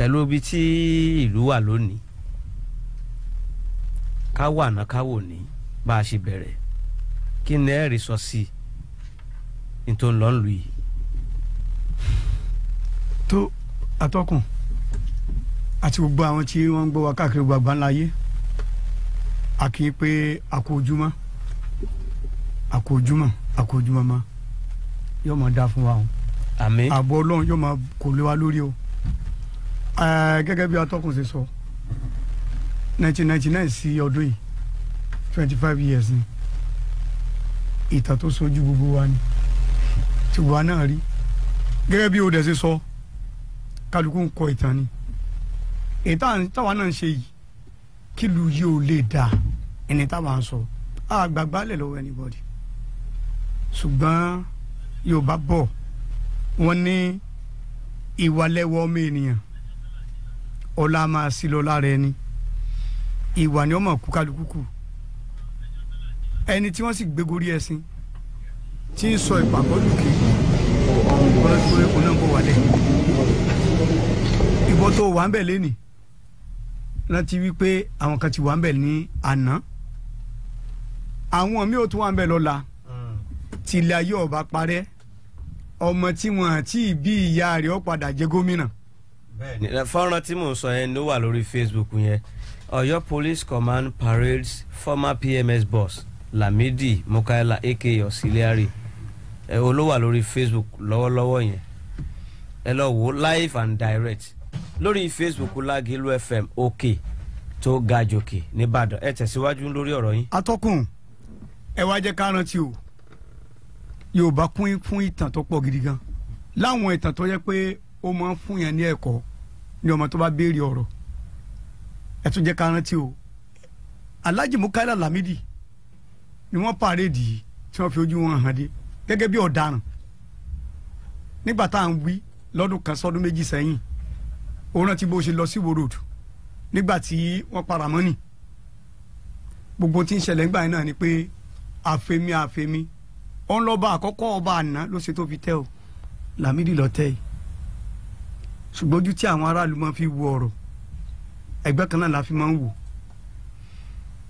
pẹ̀lú ibi tí ìlú wà lónìí ká wà ná ká wò ní bá a ṣe bẹ̀rẹ̀ kí ni ẹ̀rí sọ sí i tó ń lọ lù yìí. tó atọ́kùn àti gbogbo àwọn tí wọ́n ń gbọ́ wa káàkiri gbàgbá ńlá yé a í pé a kú ojúmọ́ a yóò máa dá fún wa o. àbọ̀ ọlọ́run yóò máa kò lé wa lórí o gẹ́gẹ́ bí atọ́kùn ṣe sọ nineteen sí ọdún yìí twenty years ni ìtàn tó sojú gbogbo wa ni tìgbà náà rí gẹ́gẹ́ bí o dẹ̀ ṣe sọ kálukú ń kọ ìtàn ni ìtàn táwa náà ń ṣe yìí kílù yìí ò lè dà ẹni táwa ń sọ àgbàgbà lè lọ́wọ́ anybody ṣùgbọ́n yorùbá bọ̀ wọ́n ní ìwà ọmọ ènìyàn ọlá máa sí lọ lára ẹni ìwà ni ó mọ̀ kú kálukú kù ẹni tí wọ́n sì gbégorí ẹṣin tí ń sọ ìpàkọ́ lùkì ọ̀hún kọ́lẹ́kọ́lẹ́ kò náà kò wálẹ̀ ìbọ̀ tó wà ń bẹ̀ lẹ́nìí láti wí pé àwọn kan ti wà ń bẹ̀ ní àná àwọn míì ò tún wà ń bẹ̀ lọ́la tìlẹ̀ ayé ọba parẹ́ ọmọ tí wọ́n àti ìbí ìyá rẹ̀ ó padà jẹ́ gómìnà fọ́nrán tí mò ń sọ yẹn ló wà lórí Facebook yẹn Ọ̀yọ́ Police Command parades former PMS boss Lamidi Mukaila aka Auxiliary ẹ o ló wà lórí Facebook lọ́wọ́lọ́wọ́ yẹn ẹ lọ wò live and direct lórí Facebook Lagilu FM òkè tó ga jòkè nìbàdàn ẹ tẹ̀síwájú lórí ọ̀rọ̀ yín. atọ́kùn ẹ wá jẹ́ ká rántí o Yorùbá kún fún ìtàn tó pọ̀ gidi gan láwọn ìtàn tó yẹ pé ó máa ń fún yẹn ní ẹ̀kọ́ ni ọmọ tó bá béèrè ọ̀rọ̀ ẹ tún jẹ́ ká rántí o Alhaji Mukaila Lamidi ni wọ́n pàrẹ́dì yìí tí wọ́n fi ojú wọn hàn dé gẹ́gẹ́ bí ọ̀daràn nígbà tá à ń wí lọ́dún kan sọ́dún méjì sẹ́yìn òun rántí bó ṣe lọ sí Ìwó Road nígbà tí wọ́n para mọ́nì gbogbo tí ń ṣẹlẹ̀ ńgbà yẹn náà ni pé àfẹ́mi àfẹ́mi ọ̀nlọ́ba àkọ́kọ́ ọba àná ló ṣe tó fi tẹ́ o Lamidi lọ tẹ́ yìí ṣùgbọ́n ojú tí àwọn aráàlú máa fi wo ọ̀rọ̀ ẹgbẹ́ kan náà la fi máa ń wò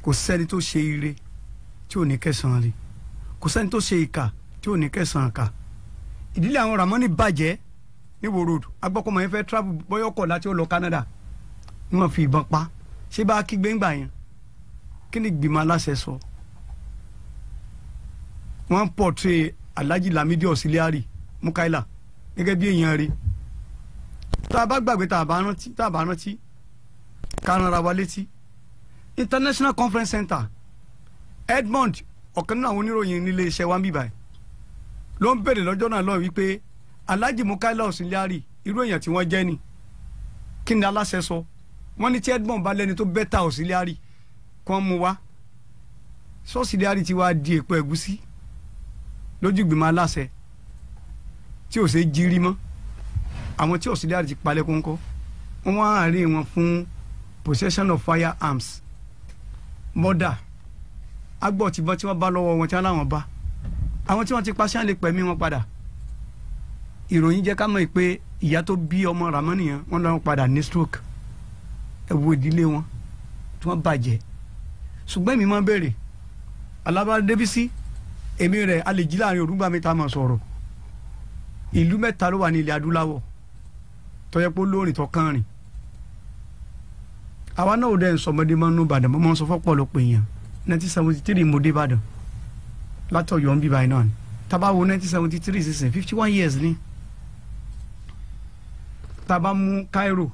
kò sẹ́ni tó ṣe ire tí ò ní kẹsàn-án rí kò sẹ́ni tó ṣe ìkà tí ò ní kẹsàn-án kà ìdílé àwọn Ramoni bàjẹ́ ní Road agbọ́kọ̀ mọ̀ ẹ́ fẹ́ travel bọ́yọ̀kọ̀ láti ó lọ Canada ni wọ́n fi ìbọn pa ṣé bá kígbe ń gbà yẹn kí ni gbìmọ̀ aláṣẹ sọ wọ́n ń pọ̀tẹ́ Alhaji Lamidi Auxiliary Mukaila gẹ́gẹ́ bí èèyàn rí tá a bá gbàgbé tá a bá rántí tá a bá rántí kanara wa létí international conference center Edmond ọ̀kan nínú àwọn oníròyìn nílé iṣẹ́ wa ń bì báyìí ló ń bèrè lọ́jọ́ náà lọ́ọ̀ wípé Alhaji Mukaila Auxiliary irú èèyàn tí wọ́n jẹ́ ni kí ni aláṣẹ sọ wọ́n ní tí Edmond bá lẹ́ni tó bẹ́tà Auxiliary kí wọ́n mú wá Auxiliary ti wá di èpo ẹ̀gúsí lójú ìgbìmọ̀ aláṣẹ tí ò ṣe jírí mọ́ àwọn tí auxiliary ti palẹ̀ kónkó wọ́n wá àárín wọn fún possession of firearms murder agbọ̀ tìbọn tí wọ́n bá lọ́wọ́ wọn tí wọ́n láwọn bá àwọn tí wọ́n ti paṣẹ́ lè pẹ̀mí wọn padà ìròyìn jẹ́ ká mọ̀ pé ìyá tó bí ọmọ Ramani yẹn wọ́n lọ́wọ́ padà ní stroke ẹ wo ìdílé wọn tí wọ́n bàjẹ́ ṣùgbọ́n èmi máa ń béèrè alábàá débísí èmi rẹ̀ a lè jí láàrin òrùngbà mi tá a máa sọ̀rọ̀ ìlú mẹ́ta ló wà ní ilẹ̀ adúláwọ̀ tó yẹ pé lóòrìn tó kàn rìn àwa náà ò dẹ́ sọmọdé máa ń nú Ìbàdàn mọ́ sọ fọ́pọ̀ ló pè yàn nineteen seventy three mo dé Ìbàdàn látọ̀yọ́ ń bí báyìí náà ni tábà wo nineteen seventy three sísìn fifty one years ni tábà mú Cairo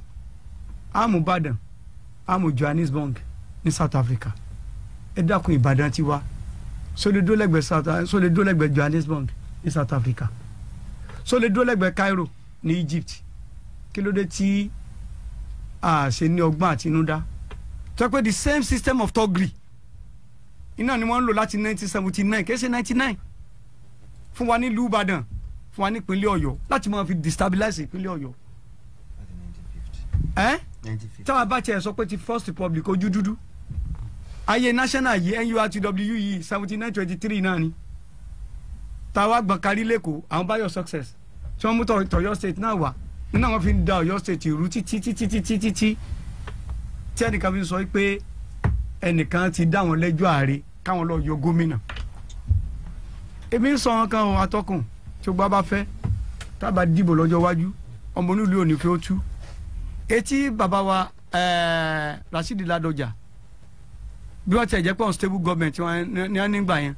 àmú Ìbàdàn àmú Johannesburg ní South Africa ẹ dákun Ìbàdàn ti wá sóledó lẹ́gbẹ̀ẹ́ South sóledó lẹ́gbẹ̀ẹ́ Johannesburg ní South Africa sóledó lẹ́gbẹ̀ẹ́ Cairo ní Egypt kí ló dé tí a ṣe ní ọgbọ́n àtinúdá tó pé the same system of togri iná ni wọ́n ń lò láti nineteen seventy nine kìí ninety nine fún wa nílùú Ìbàdàn fún wa nípínlẹ̀ Ọ̀yọ́ láti máa fi destabilize ìpínlẹ̀ Ọ̀yọ́ ẹ́ táwa bá tiẹ̀ sọ pé ti first republic ojú dúdú ayé national yìí nurtw yìí nine twenty three náà ni táwa gbọ̀n kárí lẹ́kọ̀ọ́ àwọn báyọ̀ success tí wọ́n mú tọ̀yọ́ state náà wà náà wọ́n fi ń da Ọ̀yọ́ state rú títí títí títí títí tí ẹnìkan fi ń sọ pé ẹnìkan ti dá wọn lẹ́jọ́ ààrẹ káwọn lọ yọ gómìnà èmi ń sọ wọn kan ohun atọ́kùn tí gbogbo bá fẹ́ tábà dìbò lọ́jọ́ iwájú ọmọ onílù òní fi ó tú etí bàbá wa Rasidi Ládọjà bí wọ́n ti ẹ̀jẹ̀ pé unstable government ní wọ́n nígbà yẹn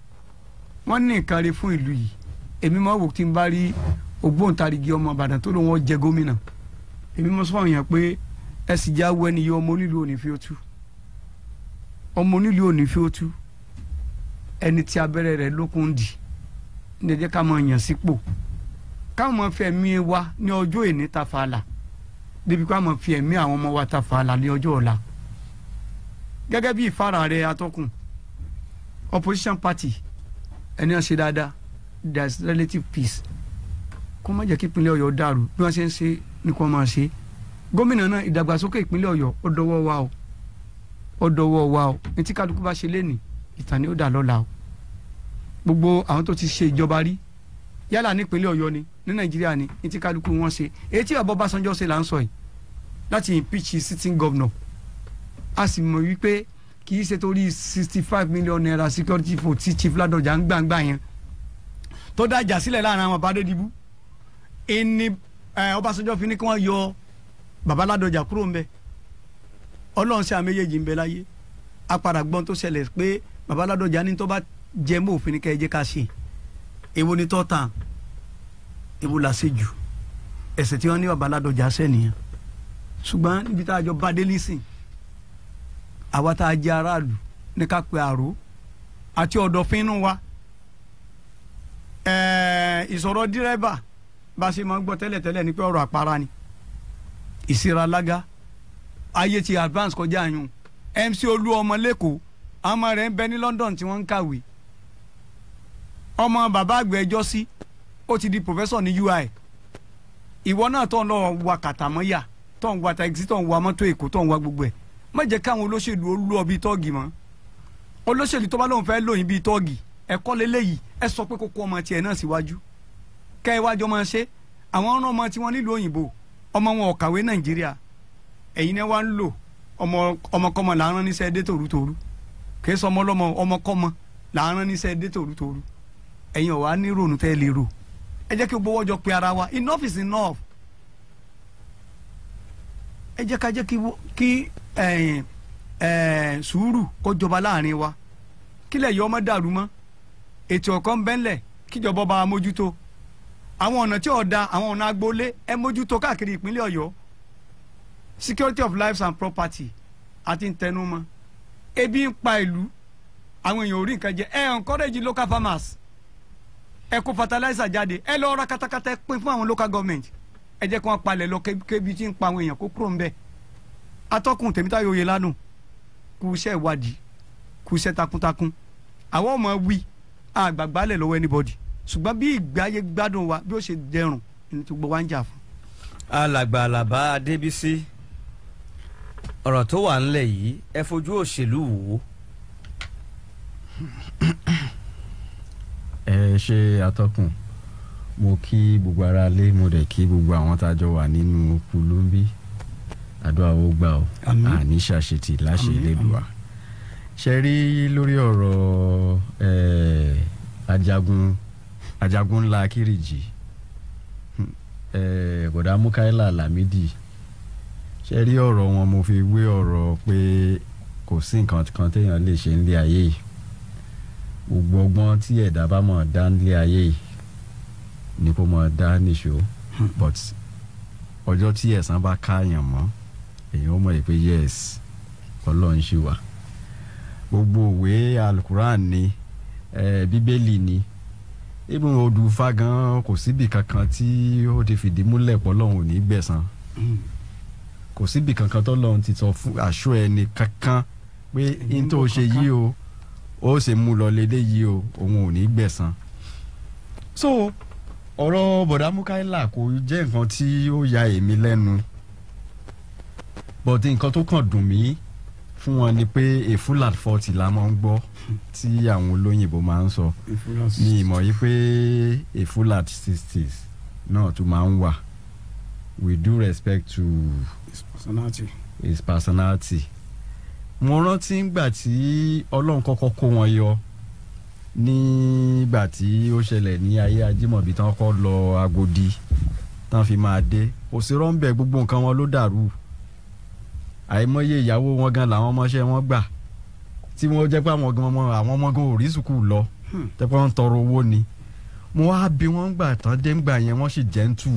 wọ́n ní nǹkan rí fún ìlú yìí èmi máa wò tí n bá rí ògbóǹtarìgì ọmọ Ìbàdàn tó ló wọn jẹ gómìnà èmi mọ sọfọ yẹn pé ẹ sì já wọ ẹni yẹ ọmọ onílù òní fi ó tú ọmọ onílù òní fi ó tú ẹni tí abẹ́rẹ́ rẹ̀ lókun dì ní ká máa yàn sípò ká máa fi ẹ̀mí wa ní ọjọ́ ìní ta fàlà débi ká máa fi ẹ̀mí àwọn ọmọ wa ta ní ọjọ́ ọ̀la gẹ́gẹ́ bí ìfara rẹ̀ atọ́kùn opposition party ẹni ọ̀ṣẹ́ dáadáa there is relative peace kó má jẹ́ kí ìpínlẹ̀ ọ̀yọ́ dàrú bí wọ́n ṣe ń ṣe ni kò máa ṣe gómìnà náà ìdàgbàsókè ìpínlẹ̀ ọ̀yọ́ ó dọwọ́ wa o ó dọwọ́ wa o ní tí kálukú bá ṣe lénìí ìtàn ni ó dà lọ́la o gbogbo àwọn tó ti ṣe ìjọba rí yálà nípínlẹ̀ ọ̀yọ́ ni ní nàìjíríà ni ní tí kálukú wọn ṣe èyí tí bàbá Ọbásanjọ́ ṣe là ń sọ yìí láti impeach sitting governor a sì mọ̀ wípé kì í ṣe torí sixty five million naira security for tí chief Ládọ̀jà ń gbàǹgbà yẹn tó dájà sílẹ̀ láàrin àwọn Abádédìbú ẹni Ọbásanjọ́ fi ní kí wọ́n yọ Babaládọjà kúrò ń bẹ Ọlọ́run ṣe àméjèèjì ń bẹ láyé apàdà gbọ́n tó ṣẹlẹ̀ pé Babaládọjà ní tó bá jẹ mọ́ òfin ní kẹ́ẹ̀jẹ́ ká ṣe èwo ni tó tàn èwo là ṣe jù ẹ̀sẹ̀ tí wọ́n ní Babaládọjà sẹ́niyàn ṣùgbọ́n níbi tá a jọ bá dé lísìn àwa tá a jẹ aráàlú ní ká pe àrò àti ọ̀dọ̀fínú wa ìsọ̀rọ̀ dírẹ́bà bá a ṣe máa ń gbọ́ tẹ́lẹ̀tẹ́lẹ̀ ni pé ọ̀rọ̀ àpárá ni ìsira ayé ti advance kọjá yun MC olú ọmọ lẹ́kọ̀ọ́ ọmọ rẹ̀ ń bẹ ní London tí wọ́n ń kàwé ọmọ bàbá àgbẹ̀ ẹjọ́ sí ó ti di professor ní UI ìwọ náà tó ń lọ wa kàtàmọ́yà tó ń wa taxi tó ń wa mọ́tò èkó tó ń wa gbogbo ẹ̀ má jẹ́ káwọn olóṣèlú olú ọ bíi tọ́ọ̀gì mọ́ olóṣèlú tó bá lóun fẹ́ lóyìn bíi tọ́ọ̀gì ẹ̀kọ́ lélẹ́yìí ẹ sọ pé kókó ọmọ tiẹ̀ náà síwájú kẹ́ ẹ wájọ máa ṣe àwọn ọ̀nà ọmọ tí wọn nílùú òyìnbó ọmọ wọn ò kàwé nàìjíríà ẹ̀yin náà wá ń lò ọmọkọ́mọ là ń níṣẹ́ dé tòrútòrú kì í sọ ọmọ ọlọ́mọ là ń níṣẹ́ dé ẹ̀yin ò ní rònú tẹ́ lè rò ẹ jẹ́ kí gbowó ọjọ pe ara wa enough is enough ẹ jẹ́ ká jẹ́ kí sùúrù kó jọba láàrin wa kílẹ̀ yọ ọmọ dàrú mọ́ ètò ọ̀kan bẹ́ńlẹ̀ kíjọba bá a àwọn ọ̀nà tí ò da àwọn ọ̀nà agboolé ẹ mójútó káàkiri ìpínlẹ̀ ọ̀yọ́ security of lives and property àti ntẹnumọ́ ebi ń pa ìlú àwọn èèyàn ò rí nǹkan jẹ ẹ encourage local farmers ẹ kó fertilizer jáde ẹ lọ ra katakata ẹ pín fún àwọn local government ẹ jẹ́ kí wọ́n palẹ̀ lọ kébi tí ń pa àwọn èèyàn kó kúrò ń bẹ̀ atọ́kùn Tèmítáyọ̀ Oyèlánà kú iṣẹ́ ìwádìí kú iṣẹ́ takuntakun àwọn ọmọ wí àgbàgbálẹ̀ lọ́wọ́ anybody ṣùgbọ́n bí ìgbáyé gbádùn wa bí ó ṣe dẹrùn ní tí gbogbo wa ń jà fún. alàgbà Àlàbá Adébísí ọ̀rọ̀ tó wà ńlẹ̀ yìí ẹ fojú òṣèlú wò ó. ẹ ṣe atọ́kùn mo kí gbogbo ara lé mo dẹ̀ kí gbogbo àwọn tá a jọ wà nínú kulumbi àdúrà ó gbà ó àní ṣàṣetì láṣẹ Elédùà ṣe rí lórí ọ̀rọ̀ ajagun ajagun ńlá akérèjì kódà mukaila lamidi ṣe rí ọ̀rọ̀ wọn mo fi wé ọ̀rọ̀ pé kò sí nǹkan kan téèyàn lè ṣe nílé ayé yìí gbogbo ọgbọ́n tí ẹ̀dá bá mọ̀ dá nílé ayé yìí ni kò mọ̀ dá nìṣó hmm. but ọjọ́ tí ẹ̀san bá káàyàn mọ́ èèyàn mọ̀ pé yes ọlọ́run ṣì wà gbogbo òwe alukuran ni eh, bíbélì ni even odùfà gan kò síbi kankan tí ó ti fìdí múlẹ̀ pọ̀ lọ́hùn ò ní gbẹ̀san kò síbi kankan tó lọ́hùn ti sọ fún àṣọ ẹni kankan pé n tó ṣe yìí o ó ṣe mú lọ lédè yìí o òun ò ní gbẹ̀san. so ọ̀rọ̀ bọ̀dá Mukaila kò jẹ́ nǹkan tí ó ya èmi lẹ́nu but nǹkan tó kàn dùn mí fún wọn ni pé a full at forty la máa ń gbọ́ tí àwọn olóyìnbó máa ń sọ ní ìmọ̀ yìí pé a full at sixty. náà tún máa ń wà with due respect to his personality. His personality. mo rántí ngbà tí ọlọ́run kọ́kọ́ kó wọn yọ nígbà tí ó ṣẹlẹ̀ ní ayé ajímọ̀bí tán kọ́ lọ agodi tán fi máa dé òsèrò ń bẹ gbogbo nǹkan wọn ló dàrú àìmọye ìyàwó wọn gan làwọn ọmọọṣẹ́ wọn gbà tí wọ́n jẹ́ pé àwọn gan ọmọ àwọn ọmọ gan òrí sùkú lọ jẹ́ hmm. pé wọ́n ń tọrọ owó ni mo wá bí wọ́n gbà tán dé ń gbà yẹn wọ́n sì jẹ́ ń tù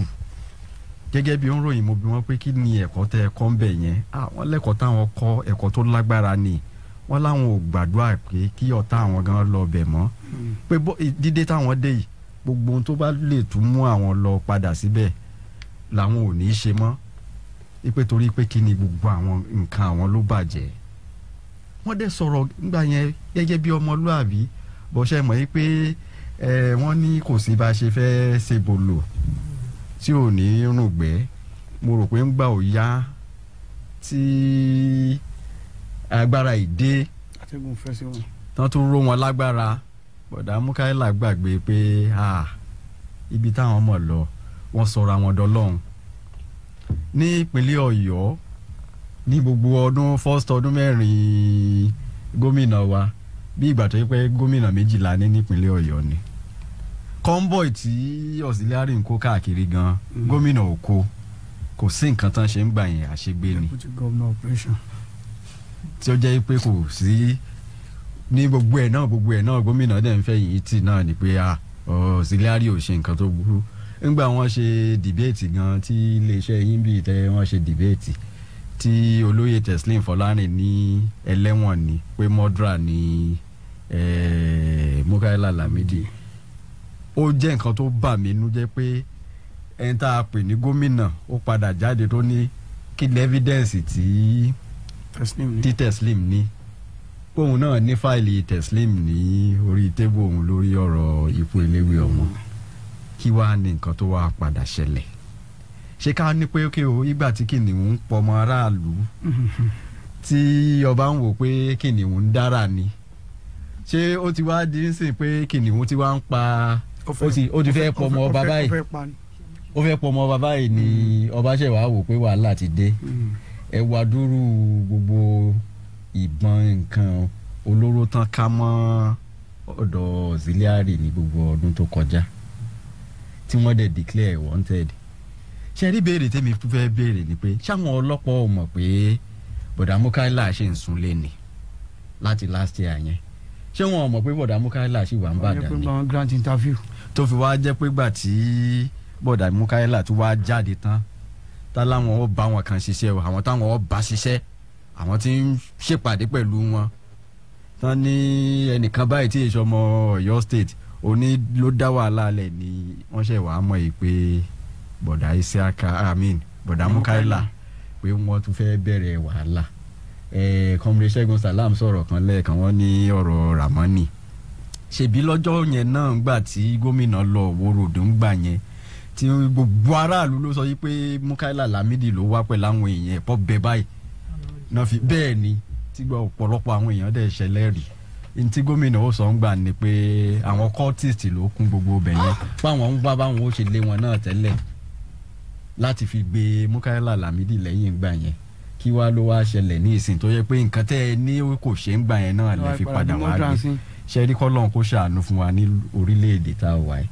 gẹ́gẹ́ bí ó ròyìn mo bí wọ́n pé kí ni ẹ̀kọ́ tẹ ẹ̀kọ́ ń bẹ̀ yẹn àwọn lẹ́kọ̀ọ́ táwọn kọ́ ẹ̀kọ́ tó lágbára ni wọ́n láwọn ò gbàdúrà pé kí ọ̀tá àwọn gan lọ bẹ̀ mọ́ hmm. pé dídé táwọn dé yìí gbogbo ohun tó bá lè tún mú àwọn lọ padà síbẹ̀ làwọn ò ní í ṣe mọ́ ipe torí pé kí ni gbogbo àwọn nǹkan àwọn ló bàjẹ́ wọ́n dẹ̀ sọ̀rọ̀ nígbà yẹn gẹ́gẹ́ bí ọmọlúàbí bó ṣe mọ̀ pé wọ́n ní kò sí bá a ṣe fẹ́ ṣe bolo tí ò ní rùngbẹ́ mo rò pé ń gbà ò yá tí agbára ìdè tán tún ró wọn lágbára bọ̀dá Mukaila gbàgbé pé ibi táwọn mọ̀ lọ wọ́n sọra wọn dọlọ́run ní ìpínlẹ̀ Ọ̀yọ́ ní gbogbo ọdún first ọdún mẹ́rin gómìnà wa bí ìgbà tó yẹ pé gómìnà méjìlá ní nípínlẹ̀ Ọ̀yọ́ ni convoy tí auxiliary ń kó káàkiri gan mm. gómìnà òkò kò sí nǹkan tán ṣe ń gbà yẹn àṣegbé ni tí ó jẹ́ pé kò sí ní gbogbo ẹ̀ náà gbogbo ẹ̀ náà gómìnà dẹ̀ ń fẹ́ yìí tì náà ni pé ah, auxiliary ò ṣe nǹkan tó burú ńgbà wọ́n ṣe dìbéètì gan tí iléeṣẹ́ yín bíi tẹ wọ́n ṣe dìbéètì tí olóyè Teslim Fọlárin ní ẹlẹ́wọ̀n ni pé mọ́dúrà ní eh, Mukaila Lamidi ó jẹ́ nǹkan tó bà mí nú jẹ́ pé ẹni tá a pè ní gómìnà ó padà jáde tó ní kí ni evidence tí tí Teslim ní òun náà ní fáìlì Teslim ní orí tébù òun lórí ọ̀rọ̀ ikú eléwé ọmọ. Mm -hmm kí wàá ní nǹkan tó wàá padà ṣẹlẹ̀ ṣé ká ní pé ókè o ìgbà tí kìnìún ń pọmọ aráàlú tí ọba ń wò pé kìnìún ń dára ni ṣé ó ti wá di nísìnyí pé kìnìún ti wá ń pa ó ti fẹ́ pọmọ ọba báyìí ó fẹ́ pọmọ ọba báyìí ni mm. ọba ṣẹ̀ wá wò pé wàhálà ti dé mm. ẹ wá dúró gbogbo ìbọn nǹkan olóró tán ká mọ́ ọ̀dọ̀ ziliari ni gbogbo ọdún tó kọjá. Mm tí wọ́n dẹ̀ declare wanted ṣe rí béèrè tèmi fẹ́ béèrè ni pé ṣáwọn ọlọ́pàá ò mọ̀ pé bọ̀dà ṣe ń sunlé ni láti last year yẹn ṣé wọn ò mọ̀ pé bọ̀dà ṣì wà ń bàdàn ni. wọ́n wọ́n grant interview. tó fi wá jẹ́ pé gbà tí bọ̀dà tó wá jáde tán tá láwọn ó bá wọn kan ṣiṣẹ́ o àwọn táwọn ó bá ṣiṣẹ́ àwọn tí ń ṣèpàdé pẹ̀lú wọn tán ní ẹnìkan báyìí tí èso ọmọ Ọ̀yọ́ state oni ló dá wàhálà lẹ̀ ni wọ́n ṣe wàá mọ̀ yìí pé bọ̀dà isiaka amin bọ̀dà mukaila pé wọ́n tún fẹ́ bẹ̀rẹ̀ wàhálà kọ́mìrì ṣẹ́gun salam sọ̀rọ̀ kan lẹ́ẹ̀kan wọ́n ní ọ̀rọ̀ ramani ṣèbí lọ́jọ́ yẹn náà gbà tí gómìnà lọ wòròdó ń gbà yẹn tí gbogbo aráàlú ló sọ wípé mukaila lamidi ló wá pẹ̀lú àwọn èèyàn ẹ̀pọ̀ bẹ́ẹ̀ báyìí náà fi bẹ́ẹ̀ ni tí gbọ́ ọ̀pọ̀lọpọ̀ àwọn èèyàn dẹ̀ ṣẹlẹ̀ rí ntí gómìnà ó sọ ń gbà ni pé àwọn cultist ló kún gbogbo ibẹ̀ yẹn báwọn ah! ń bá báwọn ó ṣe lé wọn náà tẹ́lẹ̀ láti fi gbé Mukaila Lamidi lẹ́yìn gbà yẹn kí wá ló wá ṣẹlẹ̀ ní ìsìn tó yẹ pé nǹkan tẹ́ ẹ ní kò ṣe ń gbà yẹn náà lè fi padà wá gbé ṣẹ́rí kọ́lọ́n kó ṣàánú fún wa ní orílẹ̀-èdè tá a wà yìí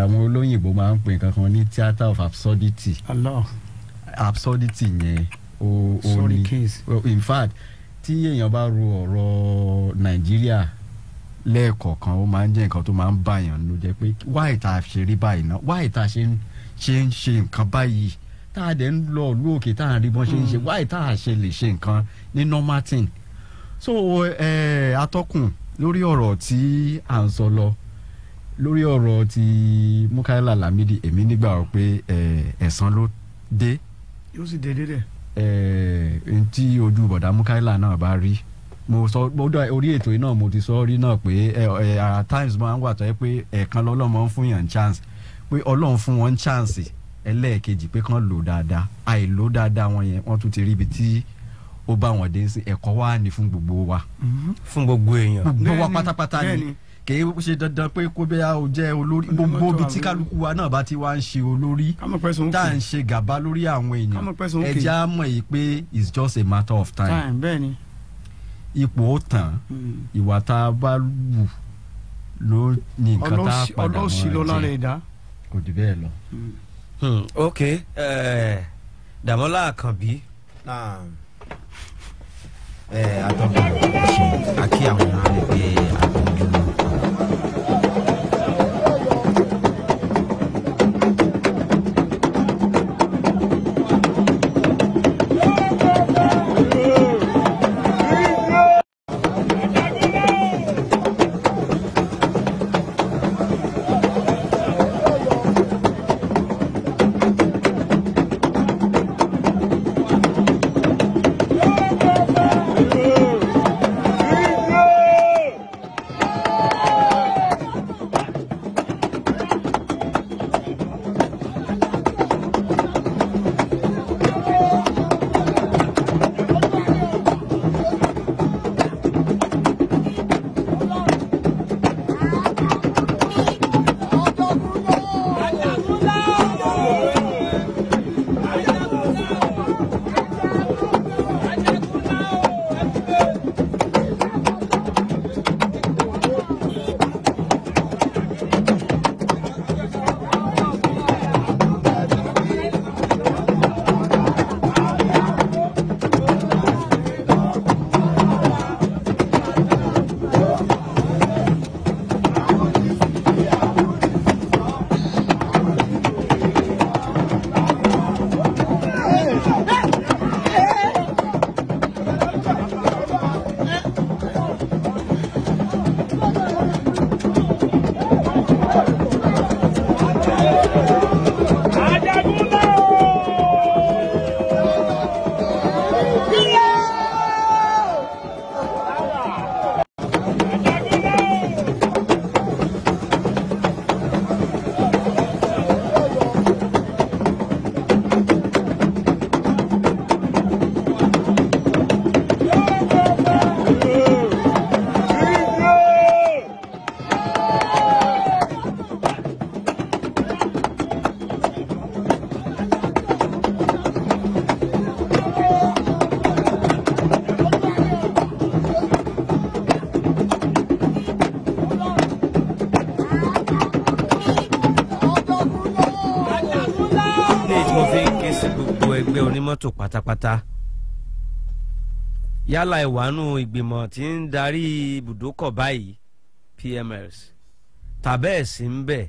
àwọn olóyìnbó máa ń pè kankan ní theatre of absurdity absurdity yẹn o o ni in fact tí èèyàn bá ro ọ̀rọ̀ nàìjíríà lẹ́ẹ̀kọ̀ọ̀kan ó máa ń jẹ́ nǹkan tó máa ń bàyàn ló jẹ́ pé wáì tá a ṣe rí báyìí náà wáì tá a ṣe ń ṣe ń ṣe nǹkan báyìí tá a dẹ̀ ń lọ ìlú òkè tá a rí bọ́n ṣe ń ṣe mm. wáì tá a ṣe lè ṣe nǹkan ní normal so eh, atọ́kùn lórí ọ̀rọ̀ tí à ń sọ lọ lórí ọ̀rọ̀ ti Mukaila Lamidi èmi nígbà wọ pé ẹ̀san ló dé. yóò sì dé dẹ̀. Eh, ntí ojú bọ̀dá Mukaila náà bá rí mo sọ gbọ́dọ̀ orí ètò yìí náà mo ti sọ rí náà pé at times máa ń wà tó yẹ pé ẹ̀ẹ̀kan lọ́lọ́mọ ń fún yàn chance pé ọlọ́run fún wọn chance ẹlẹ́ẹ̀kejì pé kán lò dáadáa àìlò dáadáa wọn yẹn wọ́n tún ti rí ibi tí ó bá wọn dé sí ẹ̀kọ́ wá ní fún gbogbo wa. fún gbogbo èèyàn. gbogbo wa pátápátá ni kì í ṣe dandan pé kó bẹ́ẹ̀ o jẹ́ olórí gbogbo ibi tí kálukú wa náà bá ti wá ń ṣe olórí tá à ń ṣe gàba lórí àwọn èèyàn ẹja mọ̀ yìí pé it's just a matter of time ipò ó tàn hmm. ìwà tá a bá wù ló ní nǹkan tá a padà mọ́ ẹ jẹ kò dì bẹ́ẹ̀ lọ. Hmm. Hmm. ok eh, Dàmọ́lá Àkànbí eh, àtọkùn àkí àwọn ọmọ rẹ pé mọ́tò pátápátá yálà ìwánú ìgbìmọ̀ tí ń darí ibùdókọ̀ báyìí PMS tàbẹ́ẹ̀ sí ń bẹ̀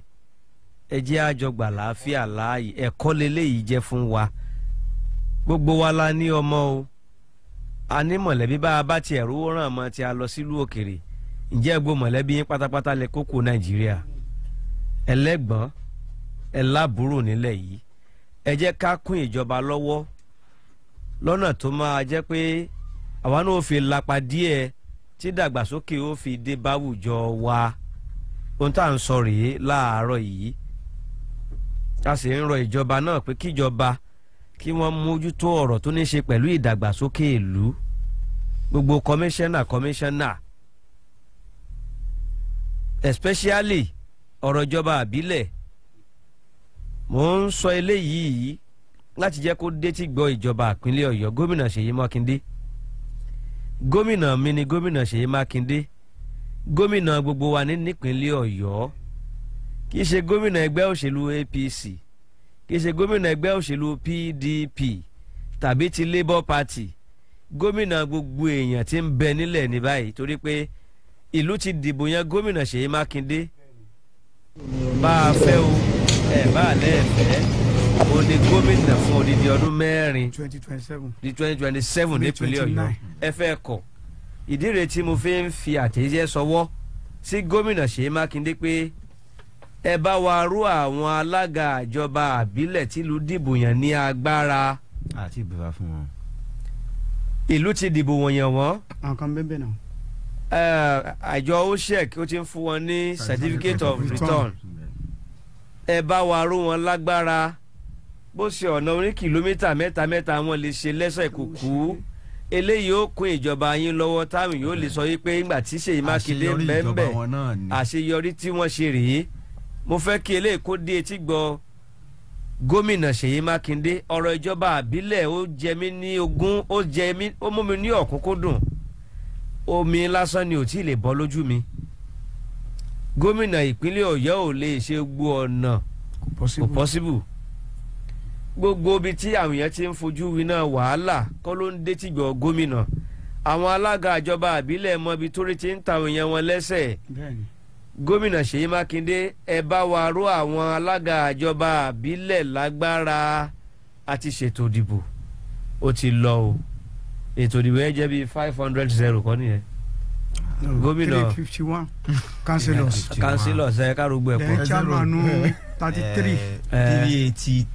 ẹ jẹ́ àjọgbà láàfíà láàyè ẹ̀kọ́ leléyìí jẹ́ fún wa gbogbo wa la ní ọmọ o a ní mọ̀lẹ́bí bá a bá tiẹ̀ rówó ràn lọ sílùú òkèrè ǹjẹ́ gbogbo mọ̀lẹ́bí yín pátápátá lè Nàìjíríà ẹlẹ́gbọ́n nílẹ̀ yìí ẹ jẹ́ ká kún lọ́nà tó máa jẹ́ pé àwa náà fi lapa díẹ̀ tí dàgbàsókè ó fi dé báwùjọ wa ohun tá à ń sọ rèé láàárọ̀ yìí a sì ń rọ ìjọba náà pé kíjọba kí wọ́n mójútó ọ̀rọ̀ tó ní ṣe pẹ̀lú ìdàgbàsókè ìlú gbogbo kọmíṣánná kọmíṣánná especially ọ̀rọ̀ ìjọba àbílẹ̀ mò ń sọ eléyìí láti jẹ́ kó détí gbọ́ ìjọba ìpínlẹ̀ ọ̀yọ́ gómìnà ṣèyí mákindé gómìnà mi ni gómìnà ṣèyí mákindé gómìnà gbogbo wa ní nípínlẹ̀ ọ̀yọ́ kì í ṣe gómìnà ẹgbẹ́ òṣèlú apc kì í ṣe gómìnà ẹgbẹ́ òṣèlú pdp tàbí ti labour party gómìnà gbogbo èèyàn ti ń bẹ nílẹ̀ ní báyìí torí pé ìlú ti dìbò yan gómìnà ṣèyí mákindé bá a fẹ́ o ẹ̀ bá a lẹ́ẹ̀fẹ́ o ní gómìnà fún odidi ọdún mẹ́rin di twenty twenty seven nípínlẹ̀ ọ̀yọ́ ẹ fẹ́ kọ̀ ìdí rẹ̀ tí mo fi ń fi àtẹ̀jẹ́ sọwọ́ sí gómìnà ṣèyí mákindé pé ẹ bá wa rú àwọn alága àjọba àbílẹ̀ tìlú dìbò yàn ní agbára. àti ìbúra fún wọn. ìlú ti dìbò wọ̀nyàn wọ́n. nǹkan bẹ́ẹ̀ bẹ́ẹ̀ náà àjọ uh, ó ti ń fún wọn ní certificate of return ẹ bá wa ró wọn lágbára bó ṣe ọ̀nà oní kìlómítà mẹ́ta mẹ́ta wọn lè ṣe lẹ́sọ̀ ìkùkù eléyìí ó kún ìjọba yín lọ́wọ́ táwọn yóò lè sọ wípé ńgbà tí Ṣèyí Mákindé bẹ́ẹ̀nbẹ́ àṣeyọrí tí wọ́n ṣe rèé mo fẹ́ kí eléyìí kó dé etí gbọ́ gómìnà Ṣèyí Mákindé ọ̀rọ̀ ìjọba àbílẹ̀ ó jẹ mí ní ogún ó jẹ mí ó mú mi ní ọ̀kúnkúndùn omi lásán ni ò tí ì lè bọ́ lójú mi gómìnà ìpínlẹ̀ Ọ̀yọ́ ò lè ṣe gbó ọ̀nà kò pọ́síbù gbogbo ibi tí àwọn èèyàn ti ń fojú winá wàhálà kọ́ ló ń dé tìgbọ̀ gómìnà àwọn alága àjọba àbílẹ̀ mọbi torí ti ń ta àwọn èèyàn wọn lẹ́sẹ̀ gómìnà Ṣèyí Mákindé ẹ bá wa ró àwọn alága àjọba àbílẹ̀ lágbára àti ṣètò ìdìbò ó ti lọ o ètò ìdìbò yẹn jẹ́ bíi five hundred zero kọ́ nìyẹn gómìnà three fifty one councillors councillors ẹ ká rògbò ẹ pọ. thirty three. three eighty